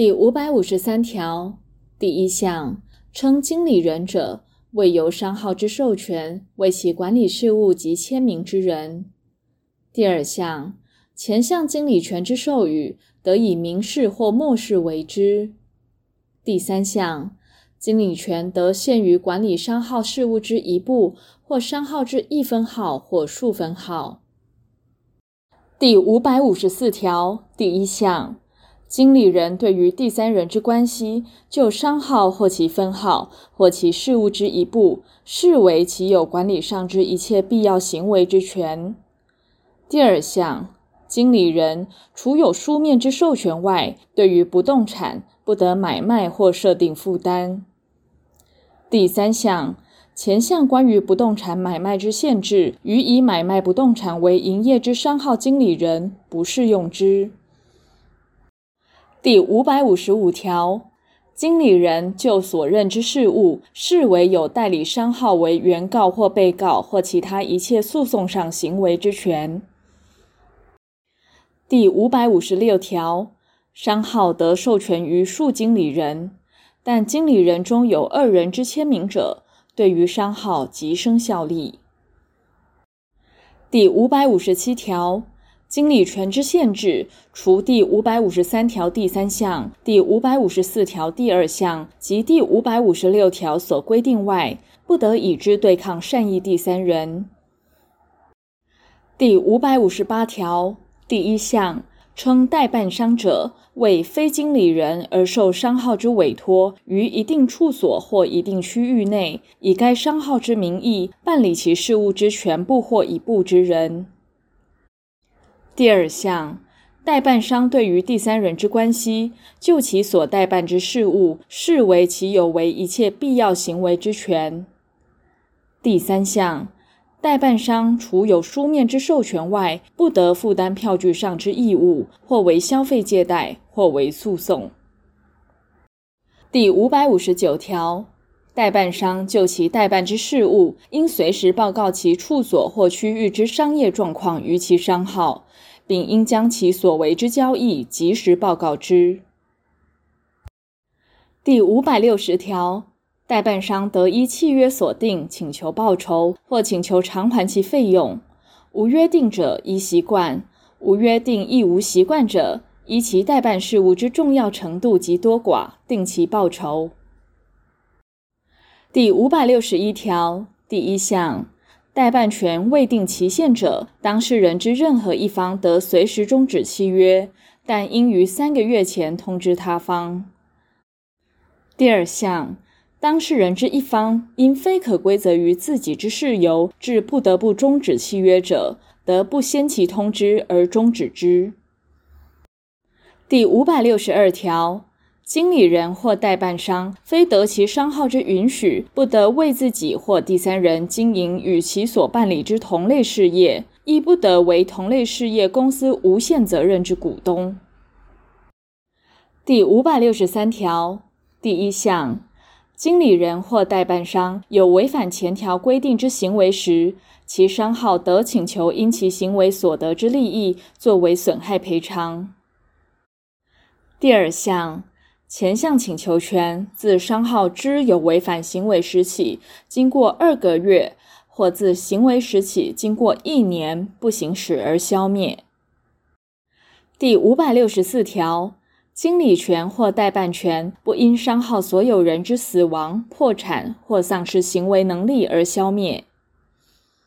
第五百五十三條第一項稱經理人者，為由商號之授權為其管理事務及簽名之人。第二項前項經理權之授予，得以明示或默示為之。第三項經理權得限於管理商號事務之一部或商號之一分號或數分號。第五百五十四條第一項。經理人對於第三人之關係，就商號或其分號或其事務之一部，視為其有管理上之一切必要行為之權。第二項，經理人除有書面之授權外，對於不動產不得買賣或設定負擔。第三項，前項關於不動產買賣,賣之限制，予以買賣不動產為營業之商號經理人不適用之。第五百五十五條，經理人就所任之事務，視為有代理商號為原告或被告或其他一切訴訟上行為之權。第五百五十六條，商號得授權於數經理人，但經理人中有二人之簽名者，對於商號即生效力。第五百五十七條。經理權之限制，除第五百五十三條第三項、第五百五十四條第二項及第五百五十六條所規定外，不得以之對抗善意第三人。第五百五十八條第一項稱代辦商者，為非經理人而受商號之委託，於一定處所或一定區域內，以該商號之名義辦理其事務之全部或一部之人。第二項，代辦商對於第三人之關係，就其所代辦之事務，視為其有為一切必要行為之權。第三項，代辦商除有書面之授權外，不得負擔票據上之義務，或為消費借貸，或為訴訟。第五百五十九條。代辦商就其代辦之事務，應隨時報告其處所或區域之商業狀況於其商號，並應將其所為之交易及時報告之。第五百六十條，代辦商得依契約所定請求報酬或請求償還其費用；無約定者依習慣；無約定亦無習慣者，依其代辦事務之重要程度及多寡定其報酬。第五百六十一條第一項，代辦權未定期限者，當事人之任何一方得隨時終止契約，但應於三個月前通知他方。第二項，當事人之一方因非可歸責於自己之事由，致不得不終止契約者，得不先期通知而終止之。第五百六十二條。經理人或代辦商，非得其商號之允許，不得為自己或第三人經營與其所辦理之同類事業，亦不得為同類事業公司無限責任之股東。第五百六十三條第一項，經理人或代辦商有違反前條規定之行為時，其商號得請求因其行為所得之利益作為損害賠償。第二項。前項請求權自商號之有違反行為時起，經過二個月，或自行為時起經過一年不行使而消滅。第五百六十四條，經理權或代辦權不因商號所有人之死亡、破產或喪失行為能力而消滅。